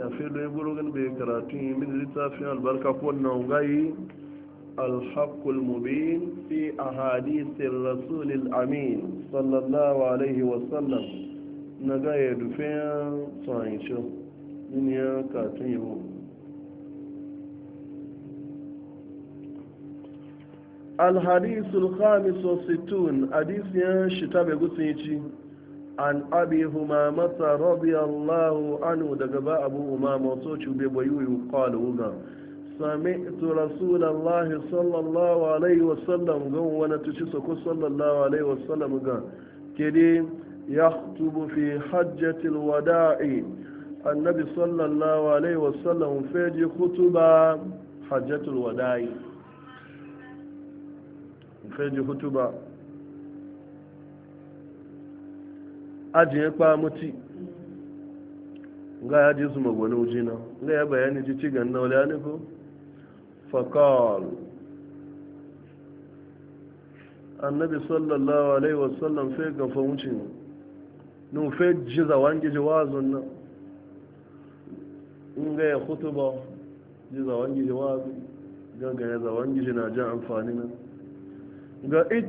ya fi da ya gurgin bai karatu yi min littafin albarka ko na gayi alhaƙul mubin fi a hadisin rasulil amin sallallahu alaihi wasallam na gaya dufe ya tsanci yin ya katun yi mu alhadisul khamis wa situn hadis ya shi ta bai gutsun ci عن أبي همامة رضي الله عنه دقباء أبو همامة وصوتوا ببيوي وقالوا هما سمعت رسول الله صلى الله عليه وسلم قونا تشيسكو صلى الله عليه وسلم قال كريم يخطب في حجة الوداع النبي صلى الله عليه وسلم فيدي خطبة حجة الوداع فيدي خطبة ajiye kpa muti nga ya ji su magwani ujina nga ya bayani ji cigan na wale ya fakal annabi sallallahu alaihi wasallam fe gafa wucin nun fe ji zawan ji wazon na nga ya hutuba ji zawan ji wazi ganga ya zawan ji na jan amfani na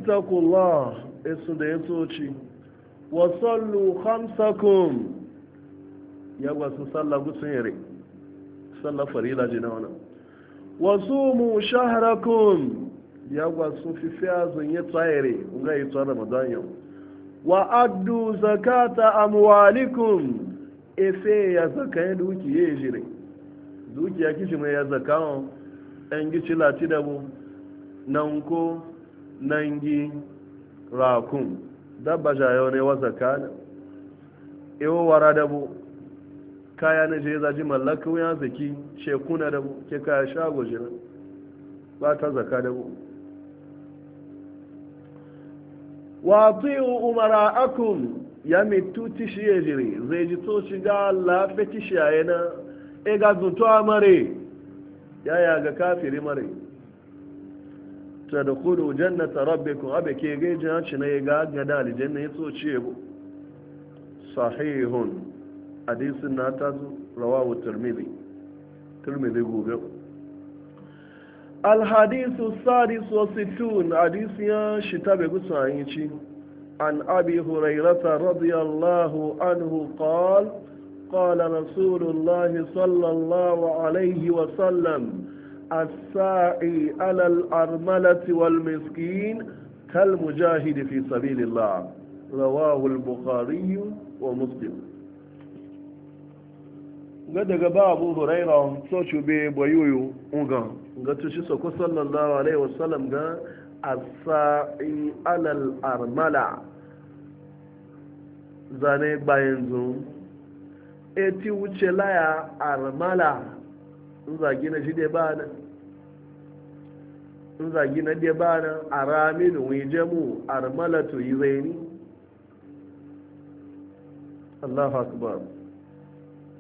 ga kula esu da ya toci wasallu khamsakum ya wasu sallah gutsun yare sallah farila ji na wani wasu mu shaharakum ya wasu fi zun yi tsayere nga yi tsara ramadan yau wa addu zakata amwalikum efe ya zaka ya duki ya yi jire duki ya kishi mai ya zaka wa ɗan gici lati da bu nan ko nan gi rakun dabba jayo ne wasa kana ewo wara da bu kaya na je zaji mallaka wuya zaki shekuna da bu ke kaya shago jira ba ta zaka da bu wa ti'u akum ya mitu tishi ya jiri zai ji to shiga lafi tishi yana e ga zuntu amare ya ya ga kafiri mare tadkhulu jannata rabbikum abe ke ga jina ci ne ga ga dali janna yaso ce bu sahihun hadisin na ta zu rawahu tirmidhi tirmidhi goga al hadithu sadis wa sittun hadisi ya shita be gusan yi an abi hurairata radiyallahu anhu qala قال رسول Sallallahu صلى wa sallam. الساعي على الأرملة والمسكين كالمجاهد في سبيل الله رواه البخاري ومسلم ga daga ba abu huraira so cube bayoyo uga ga tushi sako sallallahu alaihi wasallam ga asa'i alal armala zane bayan zo eti wuce laya armala zagi na shi dai ba nan sun zagi na dai ba nan a ramin wijemu armalatu yi zaini allahu akbar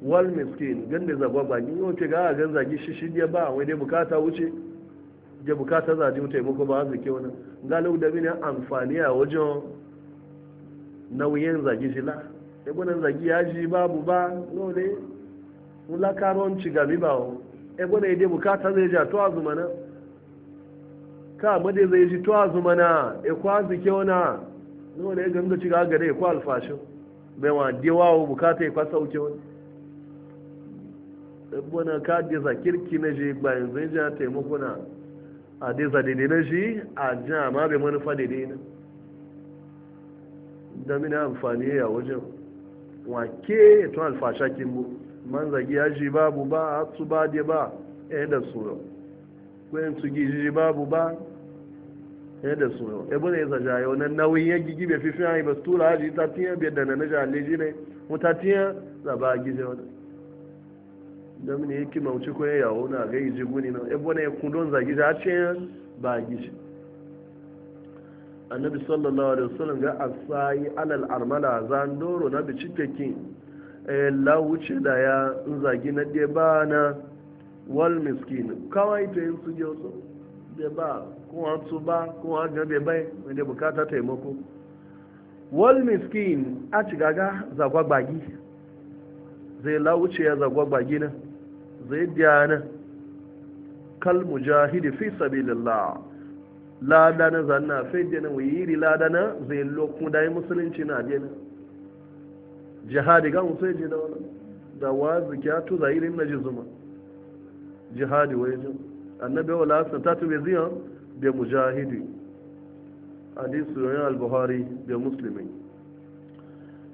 wal miskin ganda zagwa ba ni yau ce ga gan zagi shi shi dai ba wai dai bukata wuce je bukata zagi mu muku ba zuke wani galau da mini amfani a wajen nauyin zagi shi la ya gwanan zagi ya ji babu ba no mulakaron ci gami ba wa ya gwanan ya dai bukata zai ja to azumana ka made zai ji to azuma na e kwa zike wana no ne ganga ci ga gare e kwa alfashin bai wa dewa bukata e kwa sauke wani bana e ka deza kirki na je bayan zai ja taimako na a deza daidai na shi a ja ma bai manufa daidai na da mina amfani a wajen wake tun alfasha alfashakin mu man zagi ya ji babu ba a su ba de ba yi e da su wayan su gijiji babu ba ya da su ebe ne za ja yau nan nauyin ya gigi bai fifin hanyar ba tura haji ta tiyan biyar da na na jale ji ne mu ta tiyan za ba gije wani da mini ya kima wuce kwayan yawo na ga yi guni na ebe ne kundon za gije a ciyan ba gije annabi sallallahu alaihi wasallam ga asayi alal armala za zan doro na bi cikakin eh, la wuce da ya zagi na ɗaya ba na wal miskin kawai ta yin suje wasu da ba kuma su ba kuma gabe bai wanda bukata taimako wal miskin a gaga zagwagbagi zai lauce ya zagwagbagi na zai na kal jahidi fi sabilillah na zanna fi dena wiyiri na zai lokun da musulunci na dena jihadi ga musulunci da wani da wa a tu zairin na jizuma jihadi wajen annabi wa lasa ta tube ziyan da mujahidi hadisu yayin al-buhari da muslimi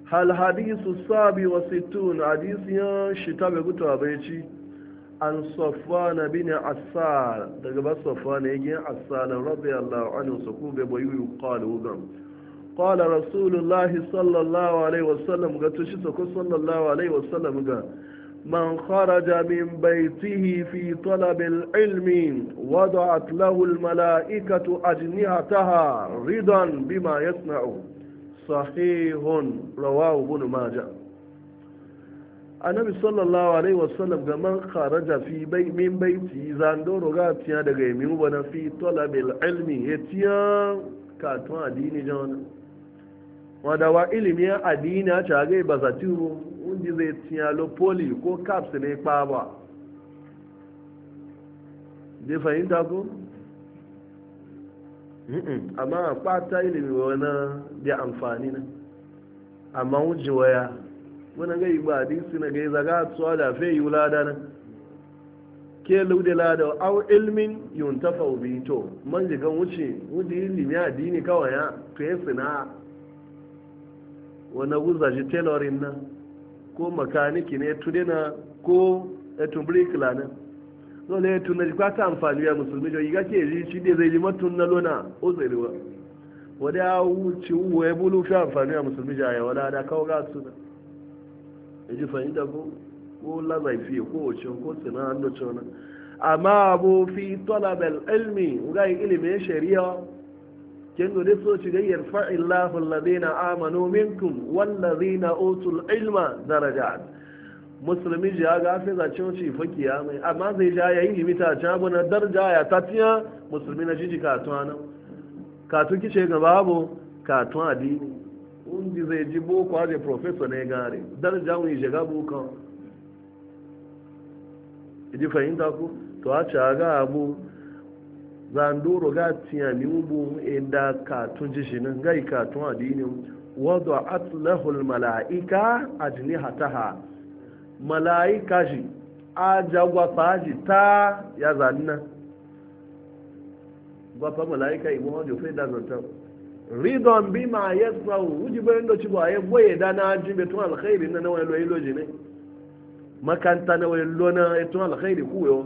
hal hadisu sabi wa sittun hadisi ya ta bai a bai ci an safwana bin asar daga ba safwana yake asar radiyallahu anhu su ku bai bayu qalu gam قال رسول الله صلى الله ga وسلم قد تشتكوا صلى الله عليه من خرج من بيته في طلب العلم وضعت له الملائكة أجنحتها رضا بما يصنع صحيح رواه ابن ماجة النبي صلى الله عليه وسلم من خرج في بي من بيته زاندور غاتيا دغيمي وبنا في طلب العلم يتيا كاتوا ديني جانا wadawa ilimi ya addini a cagai ba za wunji zai tiyalo poli ko caps ne kpa ba zai fahimta ko? amma a kpata ilimi wani da amfani na amma wunji waya wani ga igba hadisi na gai zaga tsuwa da fe yi wulada na ke laude lada au ilmin yuntafa ubi to man jigan wuce wunji ilimi addini kawai ya to ya sana'a wani guza shi tailorin na ko makaniki ne tuni na ko etun brikla na dole ya tuna jikwa ta amfani ya musulmi jo yiga ke ji shi ne zai ji matun na lona o zai riwa wani ya wuce uwa ya bulu fi amfani ya musulmi jo ya wala da kawo ga su ya e ji fahimta ko ko lazaifi ko wacce ko tsina an cewa amma abu fi tolabel ilmi ga ilimin shari'a kendo ne so ci gayyar fa'illahu alladhina amanu minkum walladhina utul ilma darajat musulmi ji ga sai za ci wuce fakiya mai amma zai ja yayin limita ta bana darja ya tatiya musulmi na jiji katuwa nan katu kice ga babu katu addini undi zai ji boko aje professor ne gare darja mu je ga boko idi fahimta ku to a ci ga abu zanduro ga tiya mi ubu inda ka tun ji shi nan gai ka tun adini wadda atlahul mala'ika hataha. mala'ika shi a gwafa shi ta ya zanna gwafa mala'ika ibu hajjo fai da zanta ridon bi ma ya tsawo wuji bayan da ci ba ya boye da na jimbe tun alkhairi na nawa ilo ilo ji ne makanta nawa ilo na e tun alkhairi kuwa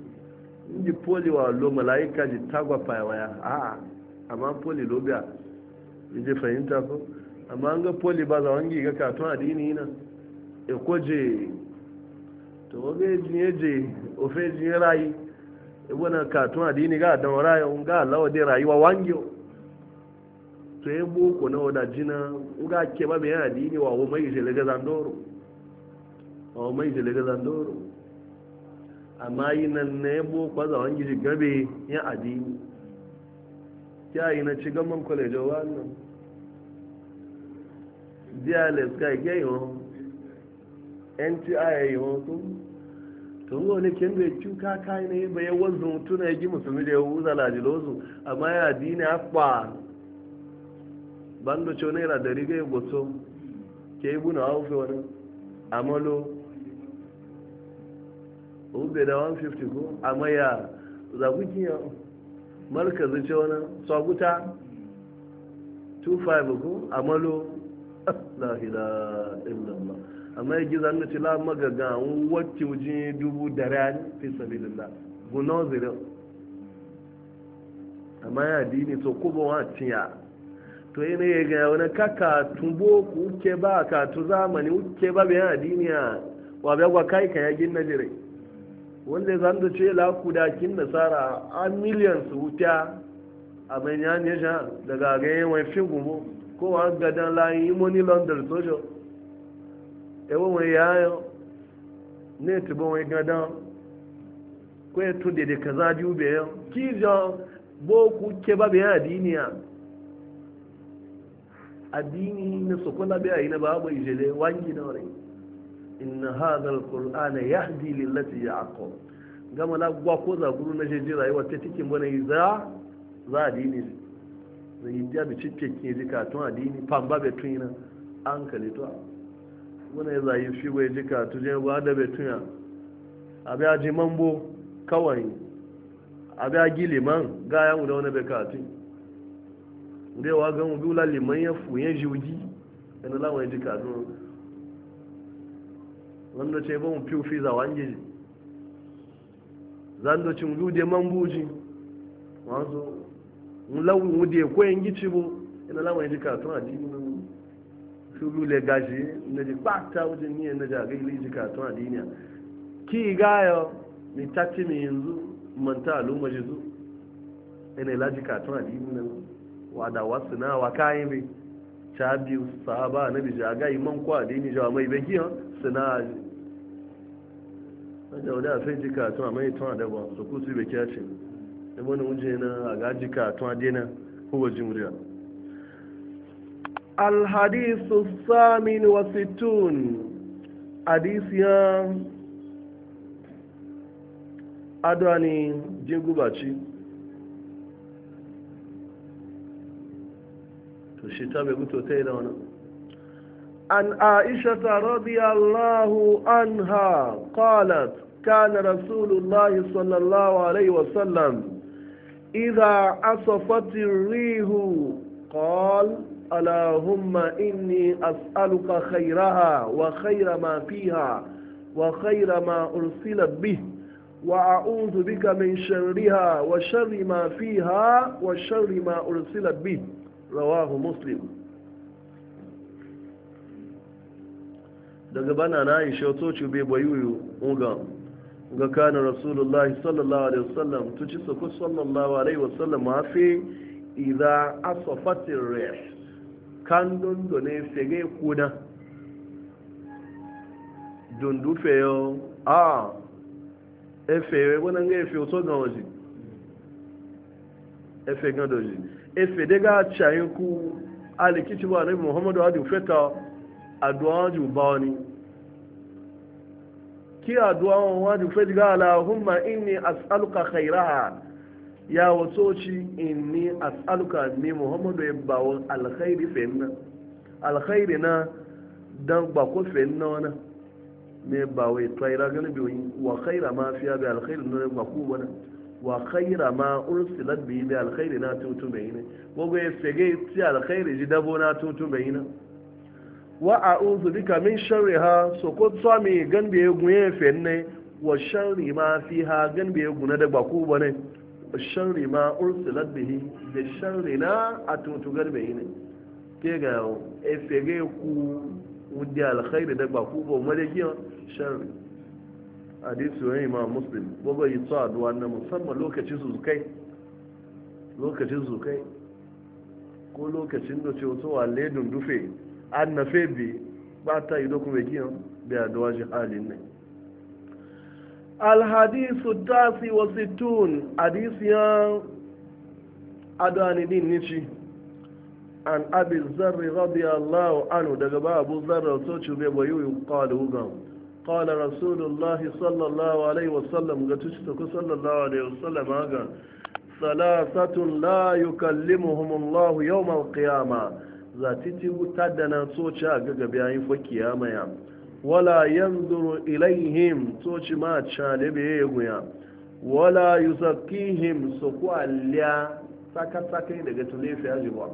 ndi poli wa lo malaika ji tagwa fayawa waya a ah, amma poli lobiya je fahimta ko amma an poli ba za wangi ga katon adini yana e je to waga jinye je ofe jinye rayi e wana katon adini ga dan rayi ga lawa de rayuwa wangyo to e boko na wada jina uga ke ba be adini wa o mai je lega zandoro o mai je lega zandoro amma yi nan na yabo kwaza wangi shi gabe ya adini kya yi na ci gaman kwalejo wannan dls ga ike yi wọn nti yi wọn tun tun ga wani kyan ya cuka kayi na yi bayan wanzu tuna ya gi musulmi da ya wuza lajilozu amma ya adini a kwa bando cewa naira dari ga ya goto ke yi buna haufe wani amalo ube da 150 ko amma ya zaguki ya markazi zuce wani tsaguta 25 ko a malo ila illallah amma ya giza na cila magaga an wacce wujin dubu da rani fi sabilillah guna zira amma ya dini to kuma wa tiya to na ya gaya wani kaka tumbo ku ke ba ka tu zamani ku ke ba bayan adiniya wa bai gwa kai ka ya na jirai wanda zan da ce la kudakin nasara a miliyan su wuta a banyan ya daga ganyen wani fi gumo ko a gadan layin imoni london social ewu wai yayo ne tuba wani gadan ko ya tunde da kaza biyu bayan kijan boku ke ba bayan adiniya adini na sokola bai yi na babu ijele wangi na wani inna hadal qur'ana yahdi lillati ya aqwa gama na gwa ko za guru na jeje rayuwa ta cikin bane za za adini zai ya bi cikin ke jika tun adini pamba be tuina an kale to wani za yi fi bai jika tuje ba da be tuya abi aji mambo kawai abi agi liman ga ya mu da wani be kati ndewa ga mu dula liman ya fu fuyen juji kana lawan jika tun. wanda ce ba mu fi fi za wange ji zando ci mu de man buji wazo mu lawu mu de ko yin gici bo ina lawan ji ka tun adini mu su lu le gaji ne ji ba ta wuce ni ne ja ga ili ji ka tun adini ki ga yo mi tati mi yanzu manta al'umma ji zu ina laji ka tun adini wa da wasu na wa kayan mai cabi sahaba na bija ga iman kwa da ni jawa mai baki ha suna wanda wadda sai jika tun a mai tun a daba su ku su baki ce da wani wuje na a ga jika tun a dena huwa jimriya alhadisu samin wasitun situn hadisiyan adwani jingubaci شتاب يقول تينا هنا عن عائشة رضي الله عنها قالت كان رسول الله صلى الله عليه وسلم إذا عصفت الريح قال اللهم إني أسألك خيرها وخير ما فيها وخير ما أرسلت به وأعوذ بك من شرها وشر ما فيها وشر ما أرسلت به rawahu muslim daga bana na aisha toci bai bayuyu unga ga kana rasulullah sallallahu alaihi wasallam tuci sako sallallahu alaihi wasallam ma fi idza asafatir rih kan don ne fege kuna dundu feyo a efe wona nge efe oto gan efe gan doji efe daga cayin ku alikici ba nabi muhammadu hadu feta aduwa waju ba wani ki aduwa waju feta ga alahumma inni as'aluka khairaha ya wato ci inni as'aluka ni muhammadu ya ba wa alkhairi fenna alkhairi na dan ba ko fenna wana ne ba wai tsaira gani biyu wa khaira ma fiya bi alkhairi na ba ku wani wa khaira ma ursilat bihi bi alkhairi na tutu bayina gogo ya fege ti alkhairi ji dabo na tutu bayina wa a'udhu bika min sharriha so ko tsami ganbe guye fenne wa sharri ma fiha ganbe guna da baku bane wa sharri ma ursilat bihi da sharri na atutu ganbe yine ke ga e fege ku wudi alkhairi da baku ba malekiya da sharri hadisi wani imam muslim ba bai yi tsaduwa na musamman lokacin su kai lokacin su kai ko lokacin da ce wasu wale dundufe an na febe ba ta yi dokun mai giyan da yaduwa shi halin ne alhadisu tasi wa situn hadisiyan adanidin nici an abi zarri radiyallahu anhu daga ba abu zarra so bai bayu yi kwalugan قال رسول الله صلى الله عليه وسلم قتشتك صلى الله عليه وسلم هذا ثلاثة لا يكلمهم الله يوم القيامة ذاتي تدنا توشا قبيعين فكياما يا ولا ينظر إليهم توش ما تشالبه يا ولا يزكيهم سكوا الليا سكا سكا إذا قتلوا في أجبار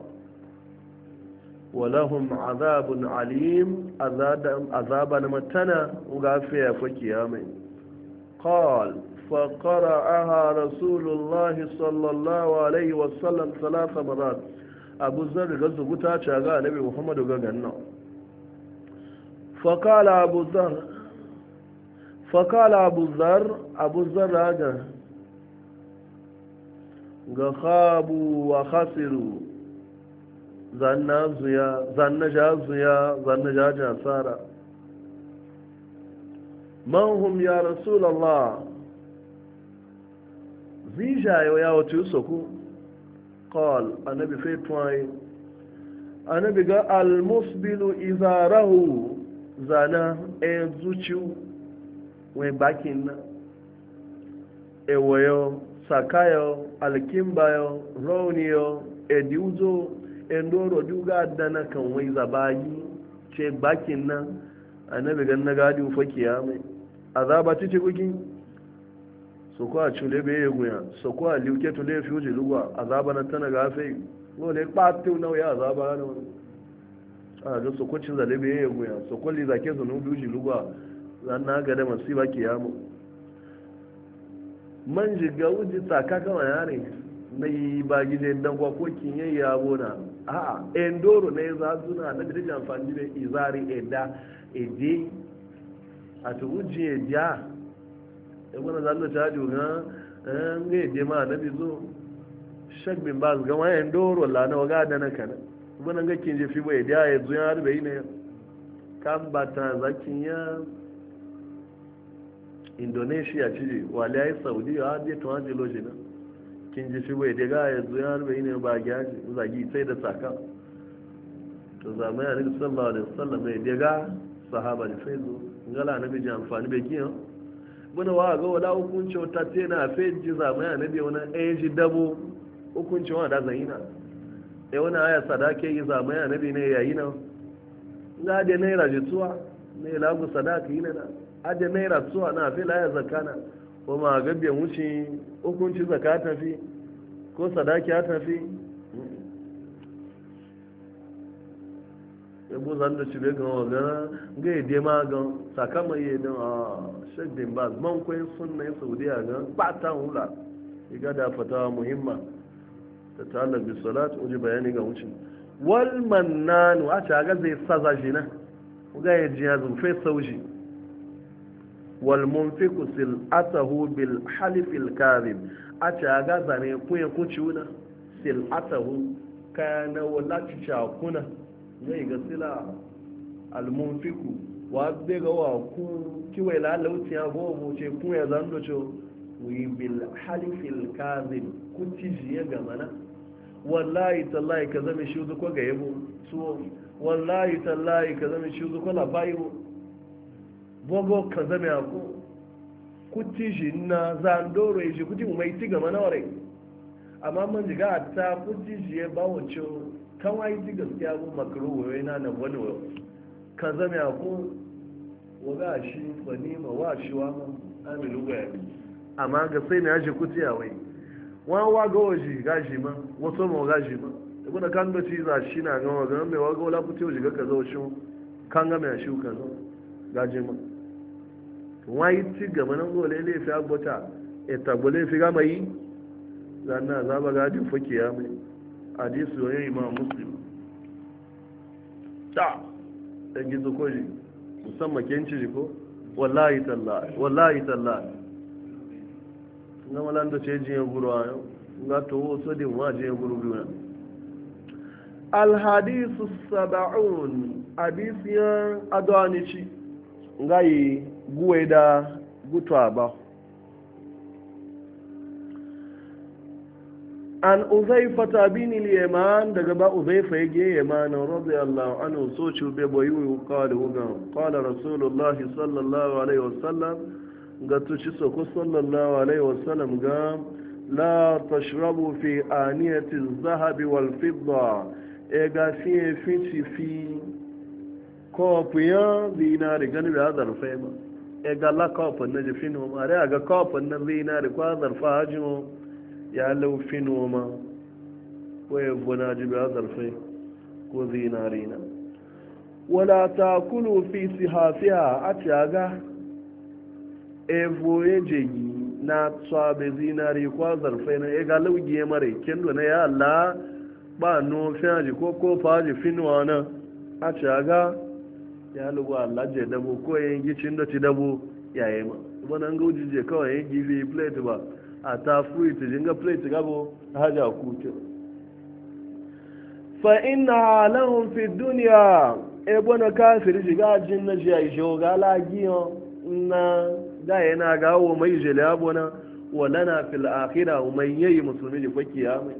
walahum azabun alim azaba na matana gafe ya fa kiyamai qal fa qara'aha rasulullahi sallallahu alaihi wasallam salasa marat abu zar ga zubuta ce ga annabi muhammadu ga ganna fa abu zar abu ga wa zanna zuya zanna ja zuya zanna ja ja man hum ya rasulallah zija yo ya wato soku qal annabi sai tuwai annabi ga al musbilu izarahu zana e zuciu we bakin na ewoyo sakayo alkimbayo rauniyo ediuzo endoro duga da na kan wai zabayi ce bakin nan annabi gan na gadi ufa kiyamai azaba ci ci gugi so ko a chule be ya guya so ko a liuke tule fuji lugwa azaba na tana gafe no le patu na ya azaba na a ga so ko cin zale be ya guya so ko li zake zunu fuji lugwa zan na ga da masiba kiyamai man jiga wuji tsaka kama yare na yi ba gidan dangwa ko kinye ya na a'a endoro ne za zuna na da amfani da izari eda ede a to uji eda e wani za lo taju ga nga ede ma na bi zo shak bin gama, ga endoro lana, na waga da na kana wani ga kinje fi bo eda ya zo ya harbe ne kan bata zakin ya indonesia ci wale ya yi saudi ya haɗe tuwa jelo shi kin ji shi bai daga yanzu ya harbe ne ba gyaji zagi sai da saka to zama ya nabi sallallahu alaihi wasallam bai daga sahaba da zo gala nabi ji amfani bai kiyan buna wa ga wala hukunci wata ce na faizu zama ya nabi wani ɗaya ji dabo hukunci wa da zayina ya wani aya sadake yi zama ya nabi ne yayi yi na da naira jituwa ne lagu sadaka yi na na ade naira tuwa na fi laya zakana ko ma gabbe wuce hukunci zaka tafi ko sadaki ya tafi ya bu zan da ci be gawa ga ga ya dema ga sakama ya dan a shek din ba man koyi sunna saudiya ga ta hula iga da fatawa muhimma ta ta'alla bi salat uji bayani ga wuce wal mannanu a ta ga zai saza jina ga ya ji ya zurfe sauji walmunfiku atahu bil halifil karib a caga zane kuya kuciuna sil'atahu kana wala kuna zai ga sila almunfiku wa zai ga wa ku kiwai lauti ya mu ce kuya zando ce wi bil halifil karib kuci jiye ga mana wallahi tallahi ka zama shi zuko ga yabo so wallahi tallahi ka zama shi zuko bayu bogo ka zame ako kuti shi na zandoro shi kuti mai ti gama na ware amma man ga ta kuti shi ya ba wace kawai ti gaskiya bu makaru wai na nan wani Kaza ka zame wa ga shi fani ma wa shi wa ma amilu ga amma ga sai na shi kuti ya wai wa wa ga waje gashi ma wasu ma shi ma ibu da kan gaci za shi na gama ga mai wa ga wala kuti waje ga kaza wa shi kan ga mai shi kaza gaji ma wai ci gaba nan gole laifi agbata ita go laifi gama yi zanna za ba gajin fake ya mai hadisi wani imam muslim ta da gizo ko ji musamman kenci ji ko wallahi tallahi wallahi tallahi nga malando ce jiyan guru a yau nga to wo so din wa jiyan guru biyu na alhadisu saba'un abisiyan adwanici ngayi guwai da gutuwa ba an uzaifa ta bini liyaman daga ba uzaifa ya ge yamanin radiyallahu anhu so ci be boyu kawai da wugan kawai rasulullahi sallallahu alaihi wasallam ga tuci soko sallallahu alaihi wasallam ga la tashrabu fi aniyati zahabi wal fidda e ga fiye fi ci fi kofiyan zinari ganin da ya zarfe ba e galla kawafin na jifin ma a rai ga kawafin na zinari kwa zarfa hajji ma ya laufin ma ko ya gona jibi a zarfe ko zinari na wala ta kulu fi sihafiya a a tiyaga e voye jegi na tsabe zinari kwa zarfe na ya e ga laugi ya e mara kendo na ya Allah ba nufin fi ko ko fa hajji finwa na a ga ya lugu Allah je dabo ko yin gicin da ci dabo yayi ma wannan ga ujije kawai yin gifi plate ba a ta fruit jinga plate gabo haja ku ce fa inna lahum fi dunya e bona kafiri shiga jinna ji ai joga lagiyo na da yana gawo mai jele abona walana fil akhirah mai yayi musulmi da kwakiya mai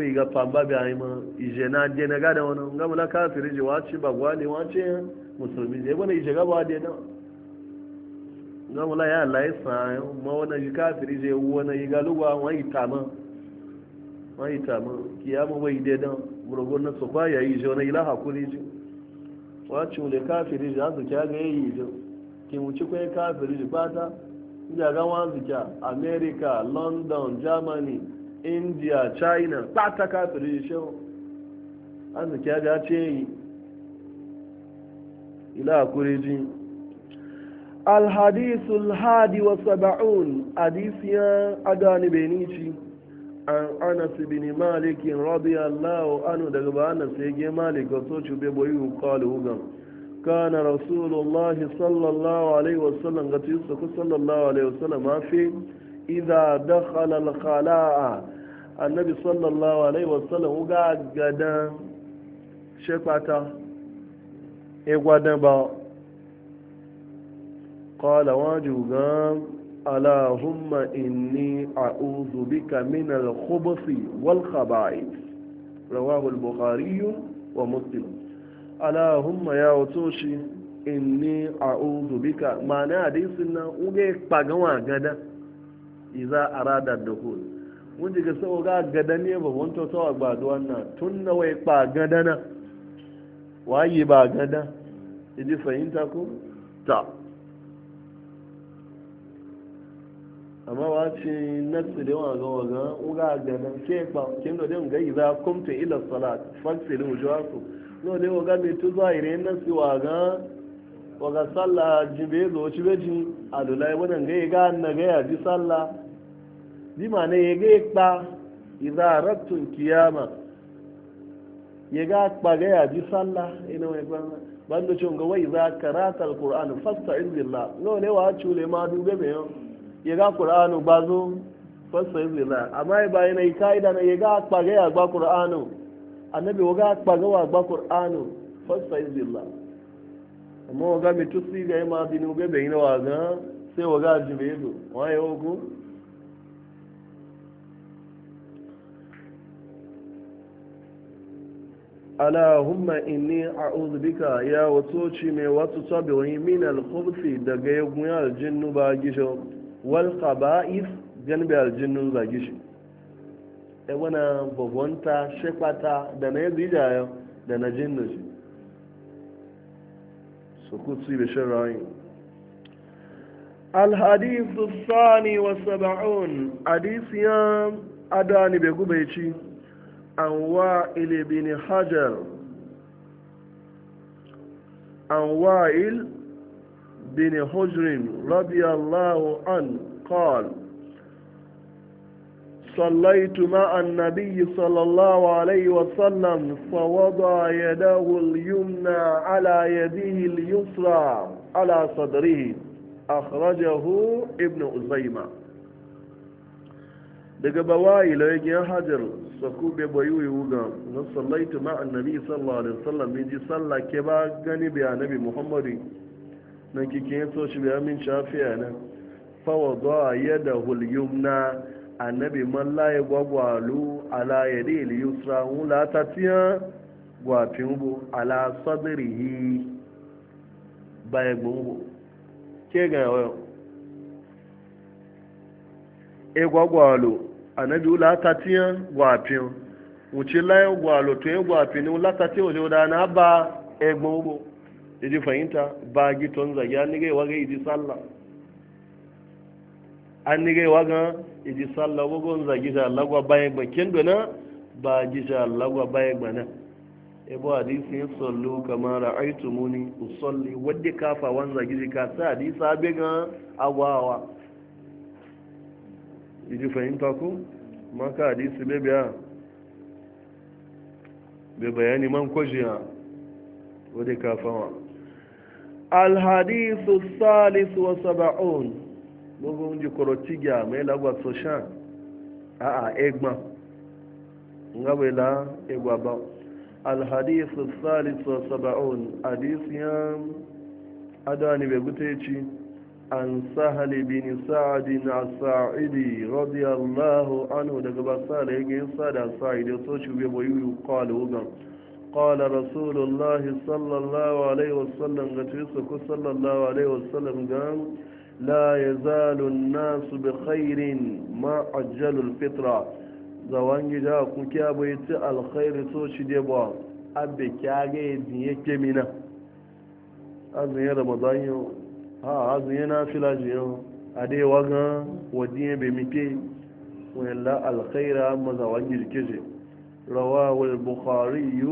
yi iga pamba bi ayi ma ije na je na gada wani nga mula kafiri je wace ba gwale wace musulmi je bana ije gaba de na nga mula ya lai sa ma wani ji kafiri je wani iga lugwa wani itama wani itama kiyama bai de na murugun na sofa ya ije wani ila hakuri je wace wule kafiri je azu zuki aga yi je ki wuce kwaye kafiri je bata ga ga wanzu kya america london germany india china pata kafiri shau arziki ya ga ce yi ila kuriji alhadisul hadi wa saba'un hadisiya adani benici an anas bin malik radiyallahu anhu daga ba anas ya ge malik ga so cube boyu kalu hugam kana rasulullahi sallallahu alaihi wasallam ga tisu sallallahu alaihi wasallam afi idha dakhala al-khala'a annabi sallallahu alaihi wasallam ga gadan shepata e gwadan ba qala wajuga allahumma inni a'udhu bika min al-khubuthi wal khaba'ith rawahu al-bukhari wa muslim allahumma ya wutoshi inni a'udhu bika ma'ana hadisin nan uge pagawa gadan iza arada dukhul mun diga sawo ga gadane ba wanto sawa ba do wannan tun wai ba gadana waye ba gada idi fahimta ko ta amma wa ce nafsi da yawa ga waga uga gada ke ba kin da dan ga iza kumta ila salat fasilu jawaku no da waga me tu zahire nasu waga waga sallah jibe zo ci beji alulai wadan ga ga na ga ya ji sallah bi ma ne ga pa idza aradtum kiyama ya ga pa ga ya ji sallah ina wai ba bando chon ga wai za karata alquran fasta'in billah no ne wa chule ma dube be ya ga qur'anu bazo fasta'in billah amma ba ina kaida na ya ga pa ga ya gba qur'anu annabi wa ga pa ga wa gba qur'anu fasta'in billah amma waga mai tusi ga yi masu inu ga bai na waga sai waga ji bai zo waye oku alahumma inni a'udhu bika ya watoci mai wasu wani min al-khubthi daga yagun aljinnu ba gisho wal qaba'if ganbe aljinnu ba gisho e wana bobonta shekpata da na yadda da na jinnu shi سكوتسي بشرعين الحديث الثاني والسبعون حديث يام أداني بقبيتي عن وائل بن حجر عن وائل بن حجر رضي الله عنه قال صليت مع النبي صلى الله عليه وسلم فوضع يده اليمنى على يده اليسرى على صدره أخرجه ابن أزيمة daga bawayi hajar saku bai bayu yi wuga na sallaitu ma annabi sallallahu alaihi wasallam min ji sallah ke ba gani bi annabi muhammadu bi amin na annabi man laye gwagwalu ala ya dili yusra hula ta tiya gwafin bu ala sadrihi baya gbogbo ke ga yawon e gwagwalu annabi hula ta tiya gwafin wuce laye gwalo to ya gwafin hula ta tiya wajen da na ba e gbogbo ya ji fahimta ba giton zagi an nigewa sallah an nigewa iji sallah bugun za allah lagwa bayan ba kin dona ba allah lagwa bayan ba na ebo hadisi ya sallu kama ra'aitu muni usalli wadda kafa wanza giji ka sa hadisa abe ga awawa iji fahimta ku maka hadisi bebe a be bayani man kwajiya wadda kafa wa الحديث الثالث وسبعون gbogbo ń di kọ̀rọ̀tígà mẹ́lágbà tó ṣàn àà ẹgbọ́n ngáwẹ̀lá ẹgbàbá alhadis salisu saba'un hadis yan adani beguteci an sahali bin sa'adin asa'idi radiyallahu anhu daga ba sa'ala yake yin sa'ada sa'idi so قال رسول الله صلى الله عليه وسلم قد صلى الله عليه وسلم لا يزال الناس بخير ما عجل الفطرة زوان جا كوكيا بيت الخير توشي ديبا أبي كاغي دي كمينا أزني رمضان يو ها أزني نافلة جيو أدي وغا ودي بمكي ولا الخير أما زوان زوانجي كجي رواه البخاري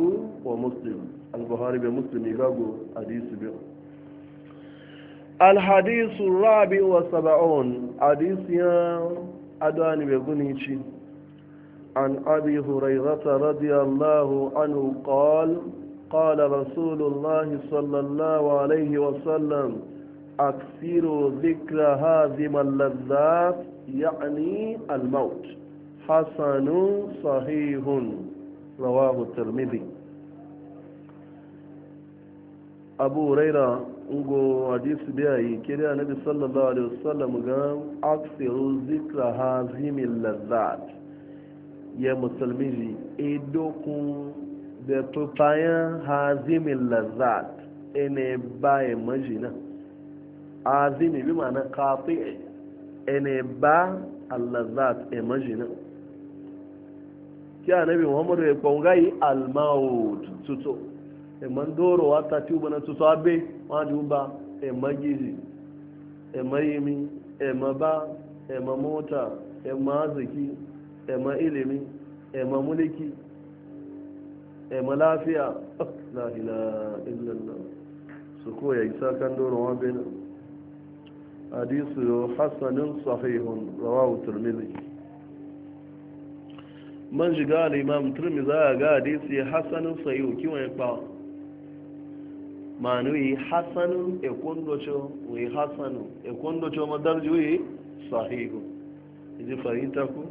ومسلم البخاري بمسلم يغاغو أديس بيه alhadisun rabi wa saba'un adisiyan adani begunici an abi hurairata radiyallahu anu qal qala rasulullahi sallallahu alaihi wasallam aksiru zikra haziman lazzat ya'ni almaut hasanun sahihun rawahu tirmidhi abu hurairah ngo hadisi biya yi kiri annabi sallallahu alaihi wasallam ga aksiru zikra hazimil lazzat ya musulmi ji edokun da tufayen hazimil lazzat ene baya majina azimi bi ma ma'ana kafi ene ba al-lazzat e majina ki annabi muhammadu ya kongayi al-maut tuto e man doro wata tuba na tuto abe maduba ma gizi ma yimi ma ba ma mota ema arziki ma ilimi ema mulki ma lafiya la ilaha illallah su ko ya isa kan doron wa hadisu hasanin sahihun rawahu man shiga al turmizi tirmidhi ga hadisi hasanin sahihu kiwon ya manu yi hasanu ekundocho wi hasanu ekundocho madarju yi sahihu Iji fahimta ku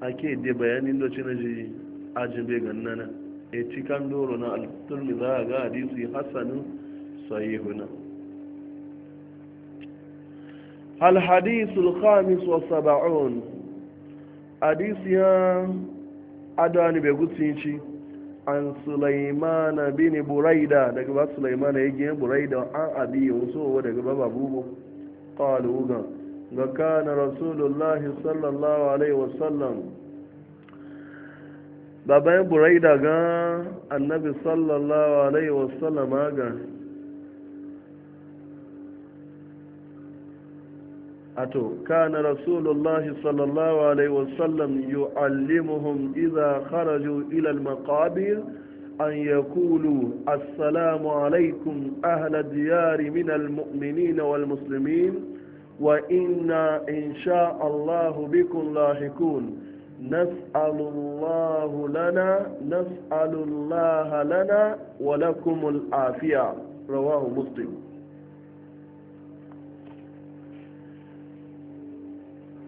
ake de bayanin doce na ji ajin bai gannana e cikin doro na alturmi za a ga hadisi hasanu sahihuna الحديث wa saba'un hadisi ya adani bai سينشي an sulaimana bin buraida daga ba sulaimana ya gina buraida an abi yunso daga ba babu qalu ga ga kana rasulullah sallallahu alaihi wasallam baban buraida ga annabi sallallahu alaihi wasallam ga أتو كان رسول الله صلى الله عليه وسلم يعلمهم إذا خرجوا إلى المقابر أن يقولوا السلام عليكم أهل الديار من المؤمنين والمسلمين وإنا إن شاء الله بكم لاحقون نسأل الله لنا نسأل الله لنا ولكم العافية رواه مسلم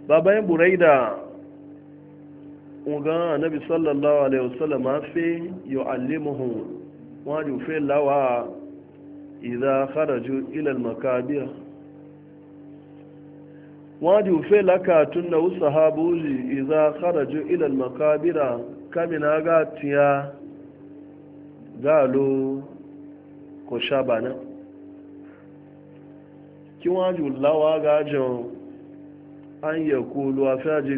babayin buraida ugan anabi sallallahu alaihi wasallam a fi yi yu'allimuhum wa fi lawa idha kharaju ilal al-makabir wa fi laka tunna usahabuji idha kharaju ila al-makabira kamina gatiya galo ko sha kí wọ́n jù lawa gajon an ya kulu a faji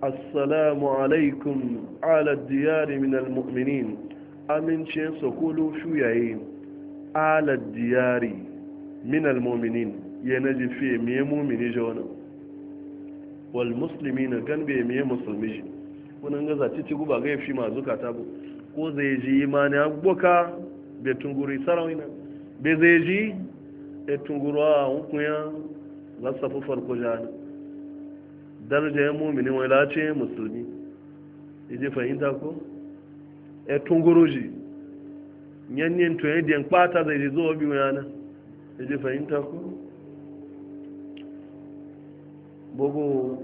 assalamu alaikum ala diyari min mu'minin amince su kulu shuyaye ala diyari min mu'minin ya na ji fiye miye mumini ji wani wal musulmi na gan bai miye musulmi ji wani gaza titi guba ga fi ma zuka ta bu ko zai ji imani agboka bai tunguri na bai zai ji ya tunguru a hukunya za su farko jani daraja ya mumini wani lace musulmi iji fahimta ko e tunguruji yanyin to yadda yan kpata zai ji zuwa biyu yana iji fahimta ko bugu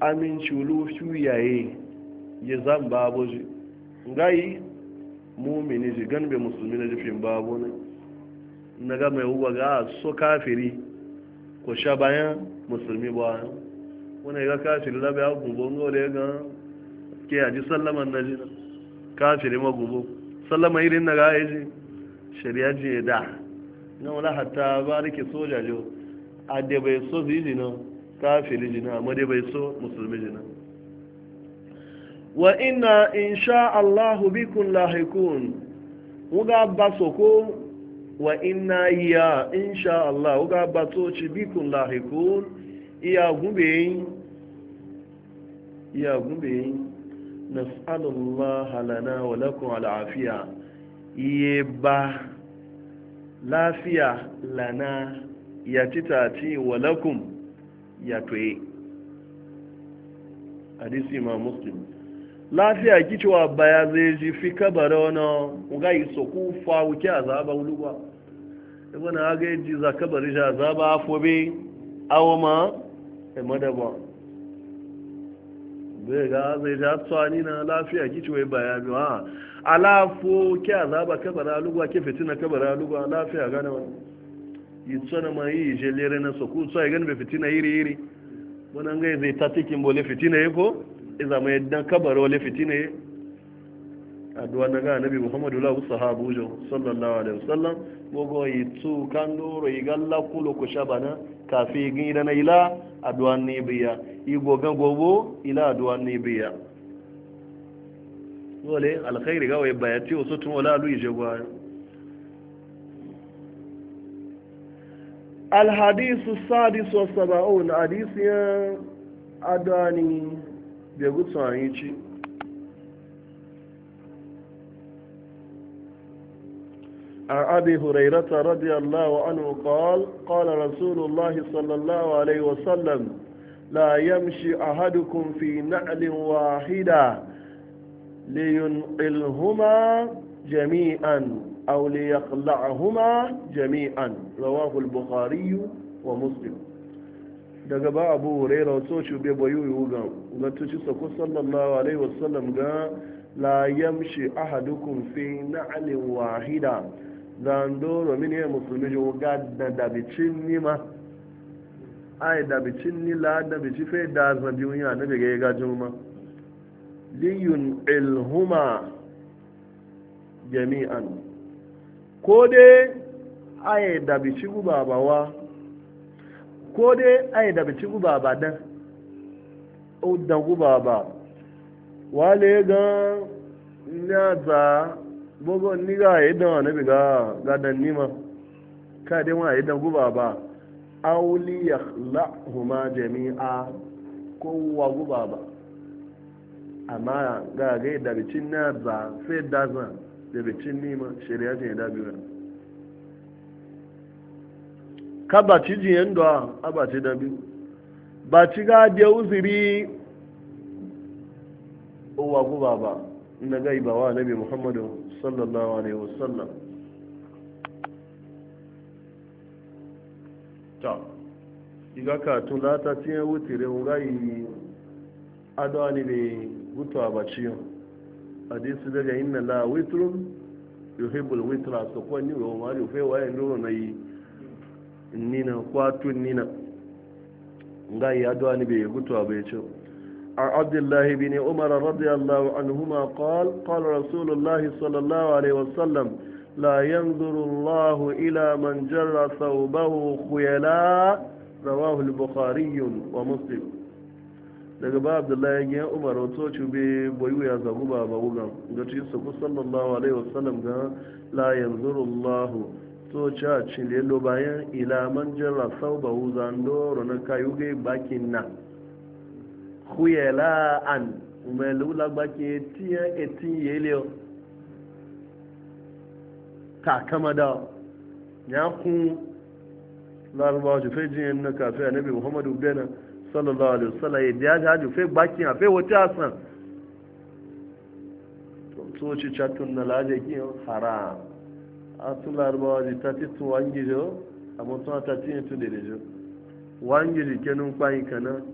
aminci lufu yaye ya zan babu ji gai mumini ji ganbe musulmi na jifin babu ne na ga mai wuwa ga so kafiri ko sha bayan musulmi bayan wani ga kafiri labe a gubo ngo da ga ke yaji sallaman na jina kafiri ma gubo sallama irin na ga yaji shari'a ji da na wani hatta rike soja jo a da bai so zai jina kafiri jina amma da bai so musulmi jina wa ina sha Allahu bikun lahikun wuga ba soko wa ina ya sha allahu wuga ba to ci bikun lahikun iya gube yin iya gube nas'alullah lana wa lakum al'afiya iye ba lafiya lana ya titaci wa lakum ya toye hadisi ma muslim lafiya kicewa baya zai ji fi kabara wani ga so ku fawuki a zaba wuluwa ibana ga ji za kabari ja zaba afobe awoma e madaba bai ga zai tsani na lafiya gici bayani ha alafo ke azaba kabara lugwa ke fitina kabara lugwa lafiya gana wani yi tsana ma yi je lere na soku so ya gani bai fitina iri iri wani an gai zai ta tikin bole fitina ya ko iza mai dan kabara wale fitina ya addu'a na ga annabi muhammadu lahu sahabu jo sallallahu alaihi wasallam gogo yi tu kan doro yi galla kulo ku shabana kafi gida na ila aduwan ne biya yi gogan ila aduwan ne biya dole alkhairi gawa ya bayati wasu tun wala alu ije gwayo alhadisu sadis wa saba'un hadisiyan adani bai gutsu an ci عن أبي هريرة رضي الله عنه قال قال رسول الله صلى الله عليه وسلم لا يمشي أحدكم في نعل واحدة لينقلهما جميعا أو ليخلعهما جميعا رواه البخاري ومسلم daga ba abu huraira wato shi bai bayu yiwu ga gantuci sako sallallahu alaihi wasallam ga la yamshi ahadukum fi na'alin wahida zandoro mini ya musulmi jo ga da dabicin ni ma ai dabicin ni la dabici fe da zabi unya na bege ga ma liyun ilhuma jami'an ko dai ai dabici guba bawa ko dai ai dabici guba ba dan o dan guba ba wale ga na za bogo ni ga yadda wa nabi ga gadan nima ka dai wa yadda guba ba auli yakhlahuma jami'a kowa guba ba amma ga ga yadda bicin na za sai da za da bicin nima shari'a ce da biyu ka ba ci jiyan da a ba ci da biyu ba ci ga da uzuri kowa guba ba na gaibawa nabi muhammadu sallallahu alaihi wasallam ta iga katun lata tiye wutire wurayi adawa ne gutu a baci hadisi daga inna la witrun yuhibbul witra so ko ni wo ma rufe waye ndoro na yi nina kwatun nina ngai adawa ne bai gutu a bai cewa عن عبد الله بن عمر رضي الله عنهما قال قال رسول الله صلى الله عليه وسلم لا ينظر الله إلى من جر ثوبه خيلا رواه البخاري ومسلم daga ba abdullahi ya yi umar wato cube bayu ya zagu ba ba wuga ga ci su sallallahu alaihi wasallam ga la yanzuru allah to cha cin da lo bayan ila man jarra sauba zandoro na kayu ga bakin nan khuyela an umelu lagbake tiyan etin yele ta kama da ya kun larabawa na kafe annabi muhammadu bena sallallahu alaihi wasallam ya da chatun na laje ki haram ji tu wangi jo tu jo wangi kenun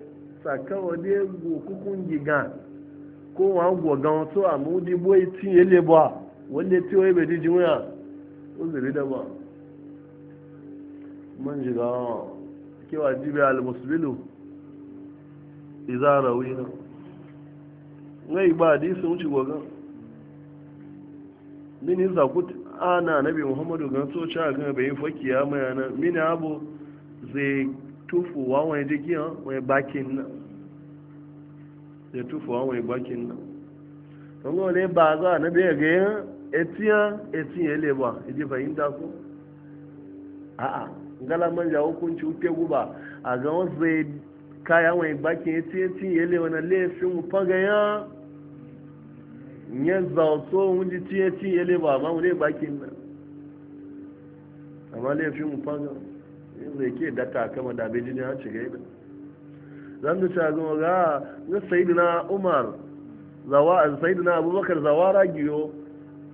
sakawa da ya gokukun giga ko wa gwagan wato a mudi boy tin yele ba wanda ti wai bai jiji wuya uzuri da ba man jiga ke wajibi al musbilu idza rawina ngai ba di sun ci gwagan mini zakut ana nabi muhammadu gan so cha ga bai fakiya mai na mini abu zai Tufu tufuwa wani jigi yan wani bakin nan ya tufuwa wani bakin nan don gole ba za na biya ga yan etiyan etiyan ile ba iji fahimta ko a'a galaman ya hukunci uke guba a ga wasu kaya wani bakin etiyan etiyan ile wani mu faga yan yan zauto mun ji tiye tiye ile ba ma mu ne bakin nan amma mu faga in ike ke data kama da bai jini hanci gaida zan da ta gama ga na sayidina umar zawa sayidina abubakar zawara giyo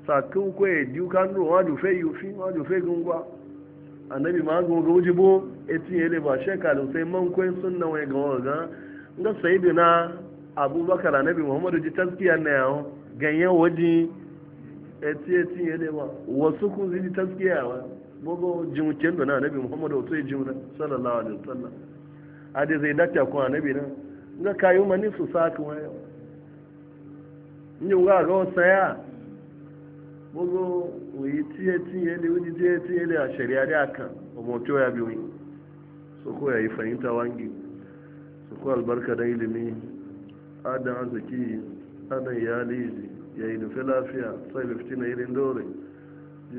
sakin kwaye dukan ruwa dufe fi wa dufe gungwa annabi ma ga ga wujibo etinye le ba shekaru sai man kwayin na wai ga waga ga sayidina abubakar annabi muhammadu ji taskiya na yawo ganyen waje etinye le ba wasu kun ji taskiya wa bogo jimu kendo na nabi muhammad wato ya jin sallallahu alaihi wasallam a dai zai dace ko nabi na ga kayu mani su sa kan wayo nyo ga ga saya bogo uyi tiye tiye le uji tiye tiye le a sharia da aka o moto ya biwi so ko ya yi fahimta wangi so ko albarka da ilimi adan arziki adan yalizi ya yi nufi lafiya sai lifti na irin dore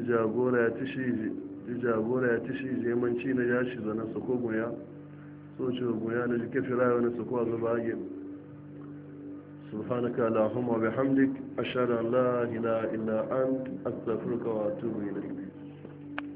jagora ya ci shi ya jagora ya tashi jemanci na ya shi zana sako goya so ce goya na jike fira wani sako a zuba age subhanaka allahumma bihamdik ashhadu an la ilaha illa ant astaghfiruka wa atubu ilayk